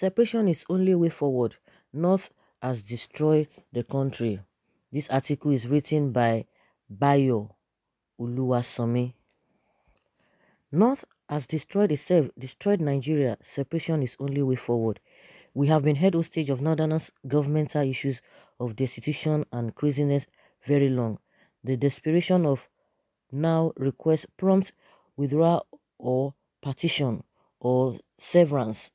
Separation is only way forward. North has destroyed the country. This article is written by Bayo Uluwasomi. North has destroyed itself, destroyed Nigeria. Separation is only way forward. We have been held hostage of Northerners' governmental issues of destitution and craziness very long. The desperation of now requests prompt withdrawal or partition or severance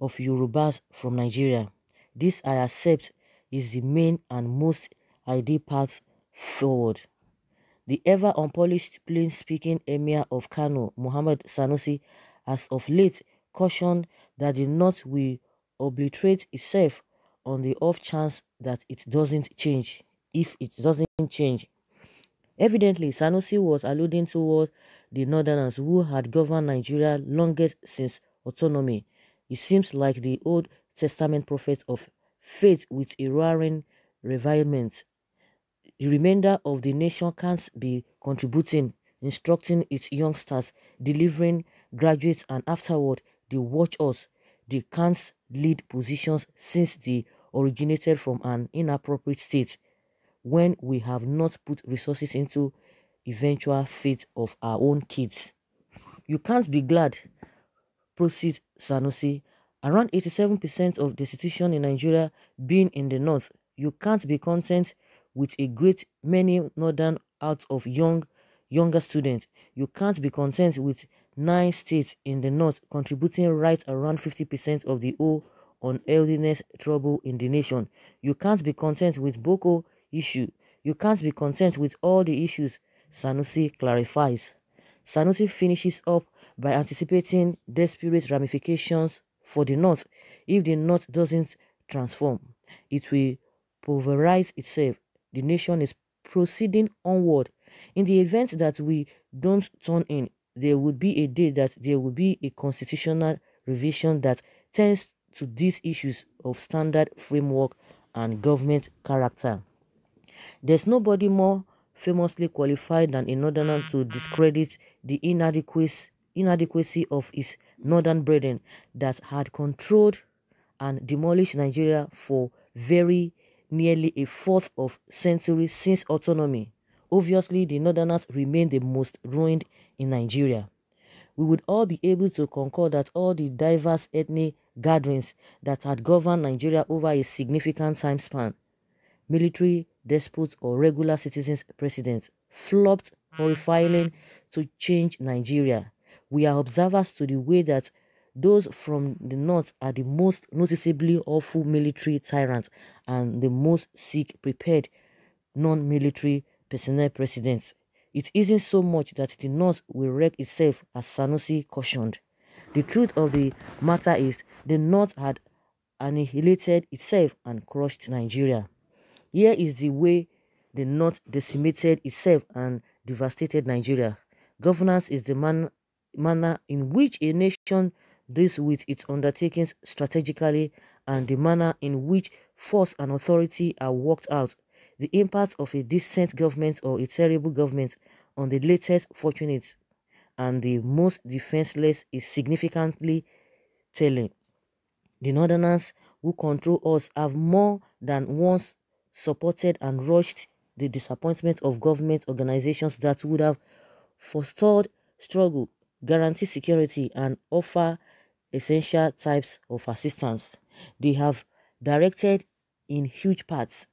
of Yorubas from Nigeria. This I accept is the main and most ideal path forward. The ever unpolished plain speaking emir of Kano, Muhammad Sanusi, has of late cautioned that the North will obliterate itself on the off chance that it doesn't change. If it doesn't change, Evidently, Sanusi was alluding toward the Northerners who had governed Nigeria longest since autonomy, it seems like the Old Testament prophets of faith with a roaring revilement. The remainder of the nation can't be contributing, instructing its youngsters, delivering graduates, and afterward, they watch us. They can't lead positions since they originated from an inappropriate state when we have not put resources into eventual fate of our own kids. You can't be glad. Proceed Sanusi, around 87% of destitution in Nigeria being in the north, you can't be content with a great many northern out of young younger students. You can't be content with nine states in the north contributing right around 50% of the whole illness trouble in the nation. You can't be content with Boko issue. You can't be content with all the issues, Sanusi clarifies. Sanusi finishes up by anticipating desperate ramifications for the North if the North doesn't transform. It will pulverize itself. The nation is proceeding onward. In the event that we don't turn in, there would be a day that there will be a constitutional revision that tends to these issues of standard framework and government character. There's nobody more famously qualified than a northerner to discredit the inadequacy inadequacy of its northern brethren that had controlled and demolished Nigeria for very nearly a fourth of century since autonomy. Obviously, the northerners remain the most ruined in Nigeria. We would all be able to concur that all the diverse ethnic gatherings that had governed Nigeria over a significant time span, military despots or regular citizens presidents, flopped horrifyingly to change Nigeria we are observers to the way that those from the north are the most noticeably awful military tyrants and the most sick prepared non-military personnel presidents. It isn't so much that the north will wreck itself as Sanusi cautioned. The truth of the matter is the north had annihilated itself and crushed Nigeria. Here is the way the north decimated itself and devastated Nigeria. Governance is the man manner in which a nation deals with its undertakings strategically and the manner in which force and authority are worked out, the impact of a decent government or a terrible government on the latest fortunate and the most defenseless is significantly telling. The northerners who control us have more than once supported and rushed the disappointment of government organizations that would have forestalled struggle guarantee security, and offer essential types of assistance. They have directed in huge parts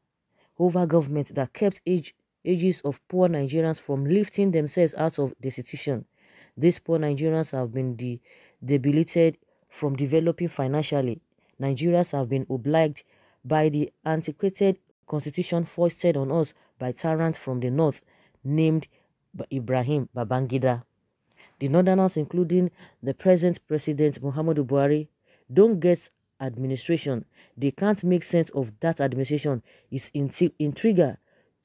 over government that kept age, ages of poor Nigerians from lifting themselves out of destitution. These poor Nigerians have been de debilitated from developing financially. Nigerians have been obliged by the antiquated constitution foisted on us by tyrants from the north named Ibrahim Babangida. The Northerners, including the present President Muhammadu Buhari, don't get administration. They can't make sense of that administration. It's trigger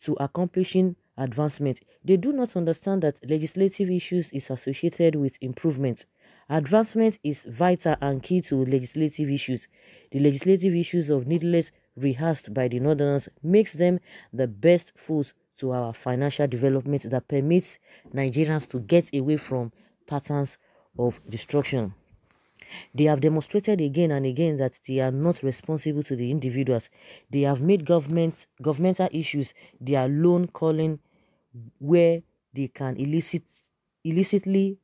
to accomplishing advancement. They do not understand that legislative issues is associated with improvement. Advancement is vital and key to legislative issues. The legislative issues of needless rehearsed by the Northerners makes them the best fools to our financial development that permits Nigerians to get away from patterns of destruction. They have demonstrated again and again that they are not responsible to the individuals. They have made government governmental issues their loan calling where they can illicit, illicitly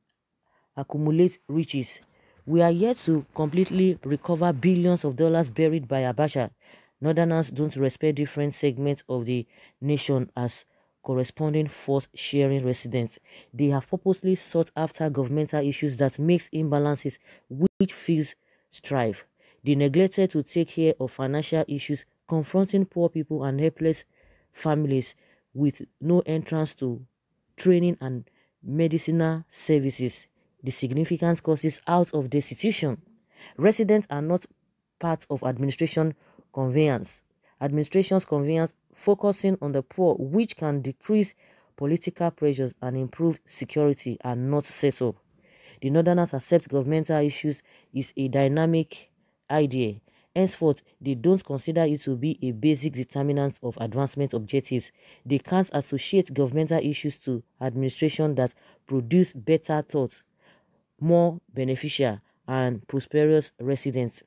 accumulate riches. We are yet to completely recover billions of dollars buried by Abasha. Northerners don't respect different segments of the nation as corresponding force-sharing residents. They have purposely sought after governmental issues that makes imbalances which fuels strife. They neglected to take care of financial issues confronting poor people and helpless families with no entrance to training and medicinal services. The significant causes out of destitution. Residents are not part of administration conveyance, administration's conveyance focusing on the poor, which can decrease political pressures and improve security, are not set up. The Northerners accept governmental issues is a dynamic idea. Henceforth, they don't consider it to be a basic determinant of advancement objectives. They can't associate governmental issues to administration that produce better thoughts, more beneficial and prosperous residents.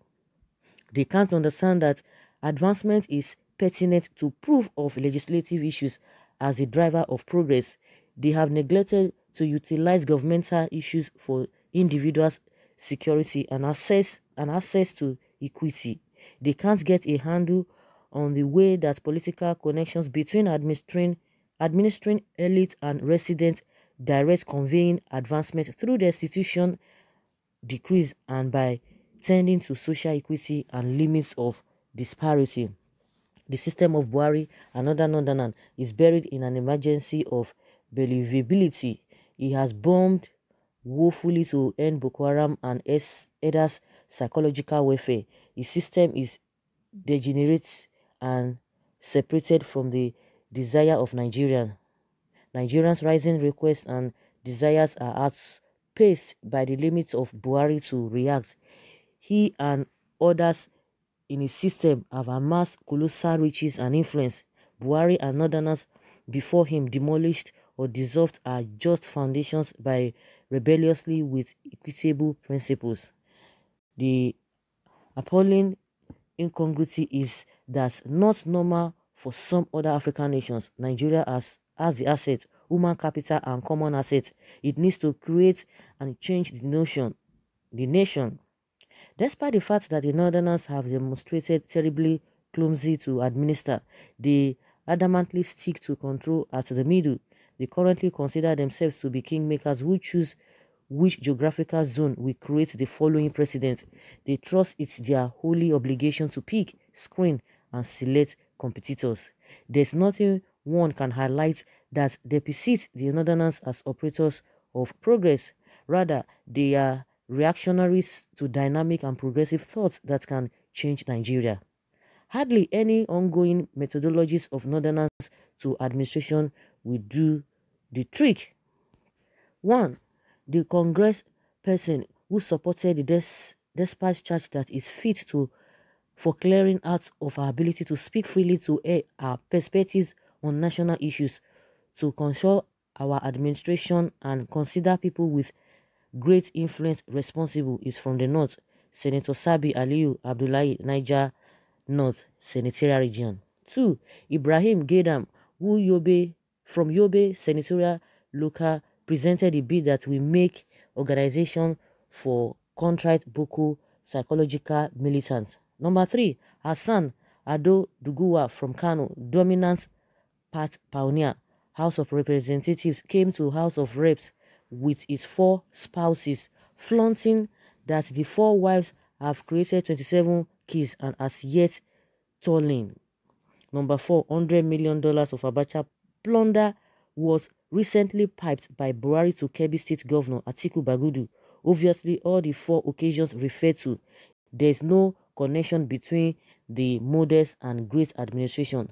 They can't understand that advancement is pertinent to proof of legislative issues as a driver of progress. They have neglected to utilize governmental issues for individuals' security and access and access to equity. They can't get a handle on the way that political connections between administering administering elite and resident direct conveying advancement through the institution decrease and by tending to social equity and limits of disparity. The system of Buari and other Northerners is buried in an emergency of believability. He has bombed woefully to end Boko Haram and Eda's psychological warfare. His system is degenerate and separated from the desire of Nigerians. Nigerians' rising requests and desires are outpaced by the limits of Buari to react he and others in his system have amassed colossal riches and influence. Buhari and northerners before him demolished or dissolved our just foundations by rebelliously with equitable principles. The appalling incongruity is that not normal for some other African nations, Nigeria has, has the asset, human capital and common asset. It needs to create and change the notion, the nation Despite the fact that the Northerners have demonstrated terribly clumsy to administer, they adamantly stick to control at the middle. They currently consider themselves to be kingmakers who choose which geographical zone will create the following president. They trust it's their holy obligation to pick, screen, and select competitors. There's nothing one can highlight that depicts the Northerners as operators of progress. Rather, they are reactionaries to dynamic and progressive thoughts that can change Nigeria. Hardly any ongoing methodologies of northerners to administration will do the trick. 1. The Congress person who supported the des despise church that is fit to for clearing out of our ability to speak freely to air our perspectives on national issues, to consult our administration and consider people with Great influence responsible is from the north, Senator Sabi Aliu, Abdullahi, Niger North Senatorial Region. 2. Ibrahim gedam who Yobe, from Yobe Senatorial Local, presented a bid that we make organization for contrite Boko psychological militants. Number 3. Hassan Ado Duguwa from Kano, dominant part pioneer, House of Representatives, came to House of Reps with his four spouses, flaunting that the four wives have created 27 kids and as yet tolling. Number four, $100 million of Abacha plunder was recently piped by Buhari to Kebbi State Governor Atiku Bagudu. Obviously, all the four occasions referred to, there's no connection between the modest and great administration.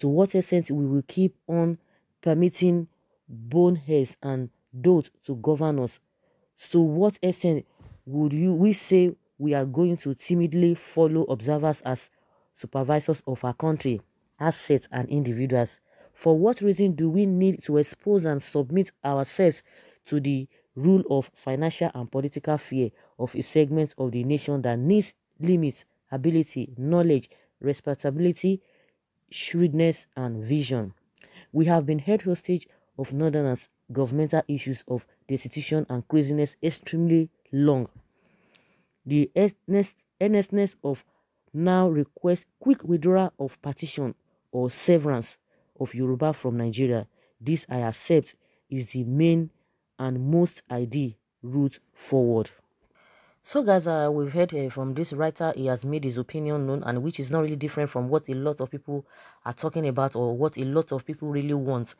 To what extent we will keep on permitting boneheads and those to govern us, to what extent would you we say we are going to timidly follow observers as supervisors of our country, assets and individuals? For what reason do we need to expose and submit ourselves to the rule of financial and political fear of a segment of the nation that needs limits, ability, knowledge, responsibility, shrewdness, and vision. We have been held hostage of northerners governmental issues of destitution and craziness extremely long. The earnestness of now request quick withdrawal of partition or severance of Yoruba from Nigeria. This I accept is the main and most ideal route forward. So guys, uh, we've heard uh, from this writer, he has made his opinion known and which is not really different from what a lot of people are talking about or what a lot of people really want.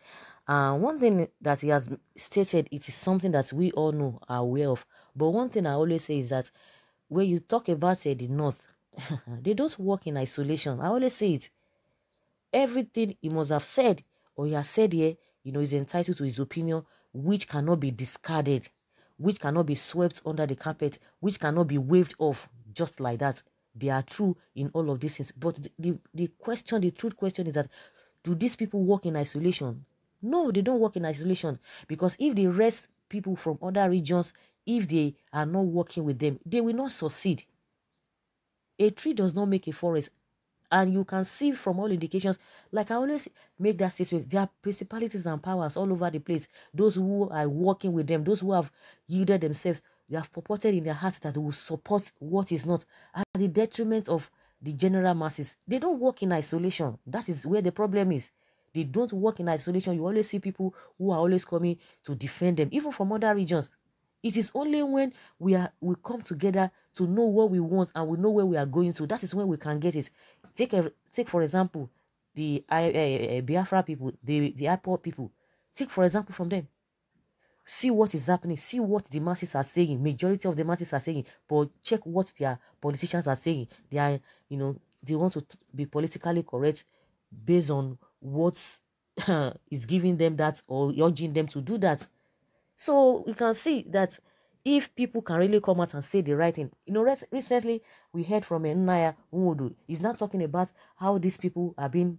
And one thing that he has stated, it is something that we all know, are aware of. But one thing I always say is that when you talk about uh, the North, they don't work in isolation. I always say it. Everything he must have said or he has said here, you know, is entitled to his opinion, which cannot be discarded, which cannot be swept under the carpet, which cannot be waved off just like that. They are true in all of these things. But the, the, the question, the truth question is that do these people work in isolation? No, they don't work in isolation because if they rest people from other regions, if they are not working with them, they will not succeed. A tree does not make a forest. And you can see from all indications, like I always make that statement, there are principalities and powers all over the place. Those who are working with them, those who have yielded themselves, they have purported in their hearts that they will support what is not at the detriment of the general masses. They don't work in isolation. That is where the problem is. They don't work in isolation. You always see people who are always coming to defend them, even from other regions. It is only when we are we come together to know what we want and we know where we are going to. That is when we can get it. Take a, take for example the uh, Biafra people, the the airport people. Take for example from them. See what is happening. See what the masses are saying. Majority of the masses are saying, but check what their politicians are saying. They are you know they want to be politically correct based on what is giving them that or urging them to do that. So we can see that if people can really come out and say the right thing. You know, recently we heard from Enaya Nwodo. He's not talking about how these people are being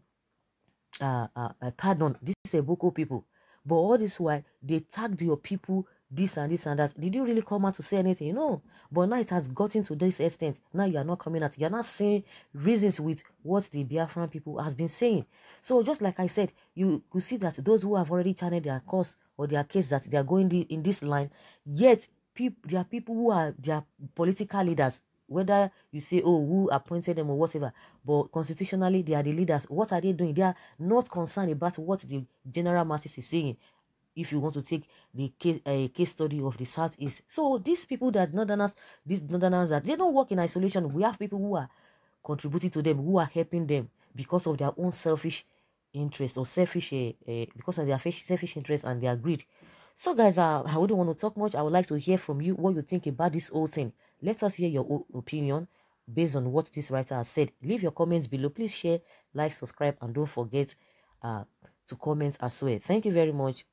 uh, uh, uh pardoned. This is a Boko people. But all this while, they tagged your people this and this and that. Did you really come out to say anything? No. But now it has gotten to this extent. Now you are not coming out. You are not saying reasons with what the Biafran people has been saying. So just like I said, you could see that those who have already channeled their course or their case that they are going the, in this line, yet people, there are people who are their political leaders. Whether you say, oh, who appointed them or whatever, but constitutionally they are the leaders. What are they doing? They are not concerned about what the general masses is saying if you want to take the case, a eh, case study of the Southeast. So these people that Northerners, these Northerners that they don't work in isolation. We have people who are contributing to them, who are helping them because of their own selfish interest or selfish, uh, uh, because of their selfish interest and their greed. So guys, uh, I wouldn't want to talk much. I would like to hear from you what you think about this whole thing. Let us hear your opinion based on what this writer has said. Leave your comments below. Please share, like, subscribe, and don't forget uh, to comment as well. Thank you very much.